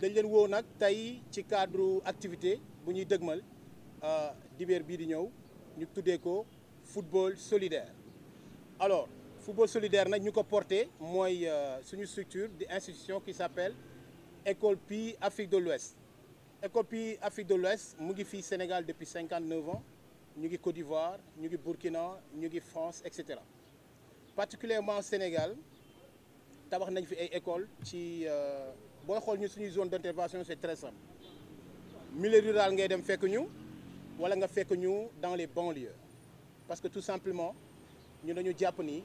dañ leen woo nag tey ci cadre activité bu ñuy dëgmal euh, dibéer bii di ñëw ñu tuddee ko football solidaire alors football solidaire nag ñu ko porté mooy euh, suñu structure di institution qui s'appelle école Pi Afrique de l'Ouest école Pi Afrique de l'Ouest mu ngi fii Sénégal depuis cinquante neuf ans ñu ngi Côte d'Ivoire ñu ngi Burkina ñu ngi France et cetera particulièrement Sénégal tabax nañ fi ay école ci euh, booy xool ñu suñuy zone d' intervention c' est très simple milieu rural ngay dem fekk ñu wala nga fekk ñu dans les banlieues parce que tout simplement ñu dañu jàpp ni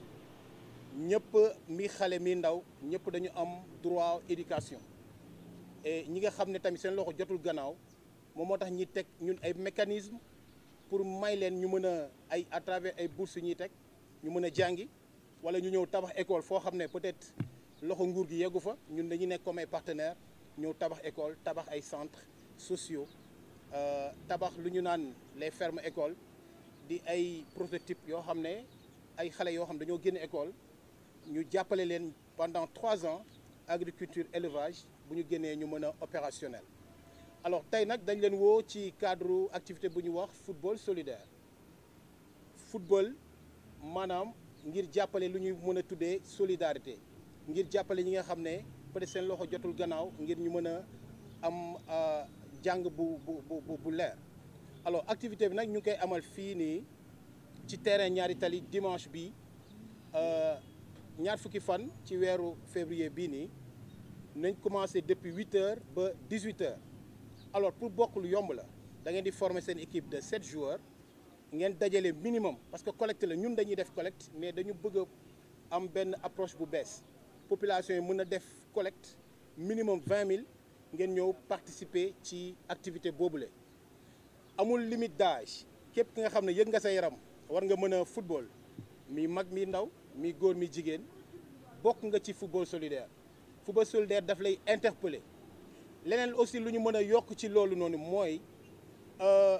ñëpp mi xale mi ndaw ñëpp dañu am droit éducation et ñi nga xam ne tamit seen loxo jotul gannaaw moom moo tax ñi teg ñun ay mécanisme pour may leen ñu mën a ay à travers ay bourses yu ñuy teg ñu mën a jàngi wala ñu ñëw tabax école foo xam ne peut-être loxo nguur gi yeggu fa ñun dañu nekk comme ay partenaires ñëw tabax école tabax ay centres sociaux euh, tabax lu ñu naan les fermes écoles di ay prototypes yoo xam ne ay xale yoo xam ne dañoo génn école ñu jàppale leen pendant trois ans agriculture élevage bu ñu génnee ñu mën a opérationnel alors tey nag dañ leen woo ci cadre activité bu ñu wax football solidaire football maanaam ngir jàppale lu ñuy mën a tuddee solidarité ngir jàppale ñi nga xam ne peut seen loxo jotul gannaaw ngir ñu mën a am euh, jàng bu bu bu leer alors activité bi nag ñu ngi koy amal fii nii ci terrain ñaari tali dimanche bi euh, ñaar fukki fan ci weeru février bii nii nañ commencé depuis huit heures ba dix huit heures alors pour bokk lu yomb la da ngeen di forme seen équipe de sept joueurs ngeen dajale minimum parce que collecte la ñun dañuy def collecte mais dañu bëgg am benn approche bu bees population yi mën a def collecte minimum vingt mille ngeen ñëw participer ci activité boobu boobule. amul limite d'âge képp ki nga xam ne yëg nga sa yaram war nga mën a football mi mag mi ndaw mi góor mi jigéen bokk nga ci football solidaire football solidaire daf lay interpeller leneen aussi lu ñu mën a yokk ci loolu noonu mooy euh,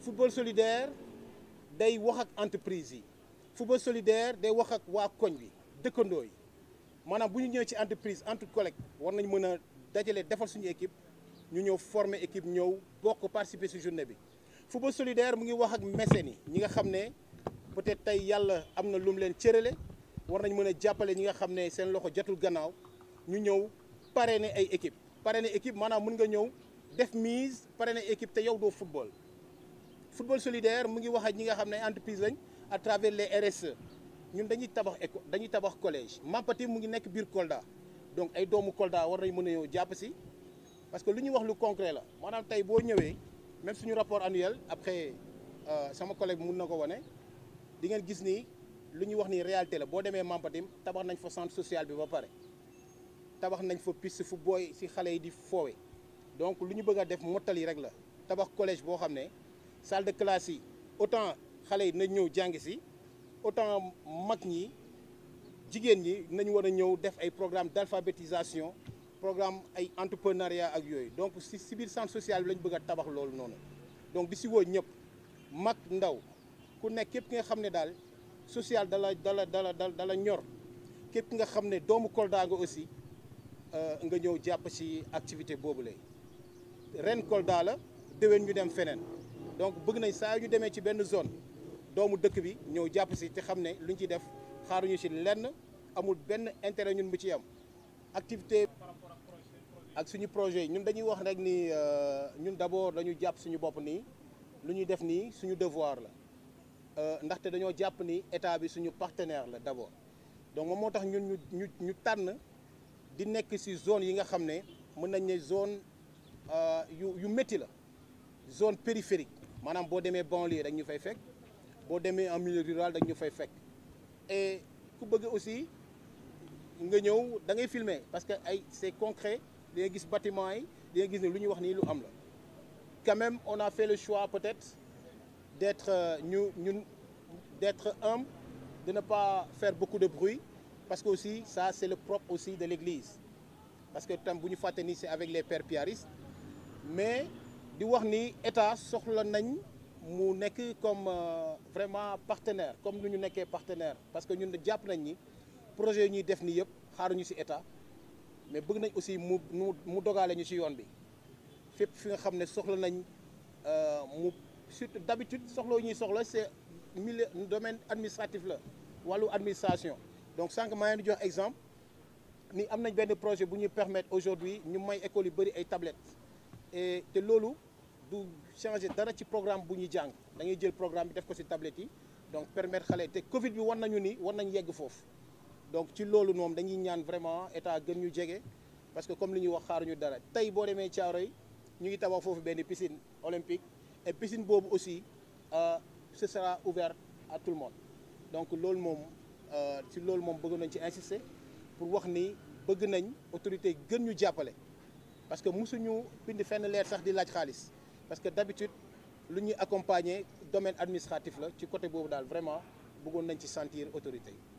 football solidaire day wax ak entreprise yi football solidaire day wax ak waa koñ bi dëkkandoo yi maanaam bu ñu ñëwee ci entreprise entre collègues war nañu mën a dajale defal suñu équipe ñu ñëw former équipe ñëw bokk participer ci journée bi. football solidaire mu ngi wax ak mécènes yi ñi nga xam ne peut-être tey yàlla am na lu mu leen cërale war nañ mën a jàppale ñi nga xam ne seen loxo jotul gannaaw ñu ñëw pare ne ay équipe ne équipe maanaam mën nga ñëw def mise parrainer équipe te yow doo football. football solidaire mu ngi wax ak ñi nga xam ne entreprise lañ à travers les RSE. ñun dañuy tabax école dañuy tabax collège Mampati mu ngi nekk biir Kolda donc ay doomu Kolda war nañ mën a ñëw jàpp si parce que lu ñuy wax lu concret la maanaam tey boo ñëwee même suñu rapport annuel après euh, sama collège mun na ko wane di ngeen gis nii lu ñuy wax ni réalité la boo demee Mampatim tabax nañ fa centre sociale bi ba pare tabax nañ fa piste fu booy si xale yi di foowe donc lu ñu bëgg a def mottali rek la tabax collège boo xam ne salle de classe yi autant xale yi nañ ñëw jàng si autant mag ñi jigéen ñi nañu war a ñëw def ay programme d'alphabétisation programme ay entrepreneuriat ak yooyu donc si si biir centre social bi lañ bëgg a tabax loolu noonu donc di si woo ñëpp mag ndaw ku nekk képp ki nga xam ne daal social dala dala dala dala ñor képp nga xam ne doomu Kolda nga aussi euh, nga ñëw jàpp ci activité boobu lay ren Kolda la déwén ñu dem feneen donc bëgg nañ saa yu ñu demee ci benn zone doomu dëkk bi ñëw jàpp si te xam ne lu ñu ciy def xaaruñu si lenn amul benn intérêt ñun bu ci am activité ak suñu projet yi ñun dañuy wax rek ni euh, ñun d'abord dañu jàpp suñu bopp nii lu ñuy def nii suñu devoir la euh, ndaxte dañoo jàpp ni état bi suñu partenaire la d'abord donc moom moo tax ñun ñu ñu ñu tànn di nekk si zone yi nga xam ne mën nañ ne zone euh, yu yu métti la zone périphérique maanaam boo demee banlieue rek ñu fay fekk boo demee en milieu rural dañ ñu fay fekk e ku bëgg aussi nga ñëw da ngay filmer parce que ay c'est concret di gis bâtiment yi di gis ne lu ñu wax nii lu am la quand même on a fait le choix peut-être d'être euh, ñu ñun d'être humble de ne pas faire beaucoup de bruit parce que aussi ça c'est le propre aussi de l'église parce que tam bu ñu fàtte ni c'est avec les pères piaristes mais di wax ni état soxla nañ mu nekk comme euh, vraiment partenaire comme lu ñu nekkee partenaire parce que ñun jàpp nañ ni projet ñuy def nii yëpp xaaruñu ci état mais bëgg nañ aussi mu mu dogale ñu ci yoon bi fépp fi nga xam ne soxla nañ euh, mu surtout d'habitude soxla ñuy soxla c'est milieu domaine administratif la wallu administration donc sànq maa ngi di jox exemple ni am nañ benn projet bu ñuy permettre aujourd'hui ñu may école yu bëri ay tablettes e te loolu du changer dara ci programme bu ñuy jàng dañuy jël programme bi def ko si tablette yi donc permettre xale te Covid bi war nañu ni war nañ yegg foofu donc ci loolu moom dañuy ñaan vraiment état gën ñu jege parce que comme li ñuy wax xaaruñu dara tey boo demee caaro yi ñu ngi tabax foofu benn piscine olympique et piscine boobu aussi euh, ce sera ouvert à tout le monde donc loolu moom euh, ci loolu moom bëgg nañ ci insister pour wax ni bëgg nañ autorité gën ñu jàppale parce que mosuñu bind fenn leer sax di laaj xaalis parce que d'habitude lu ñuy accompagner domaine administratif la ci côté boobu daal vraiment bëggoon nañ ci sentir autorité yi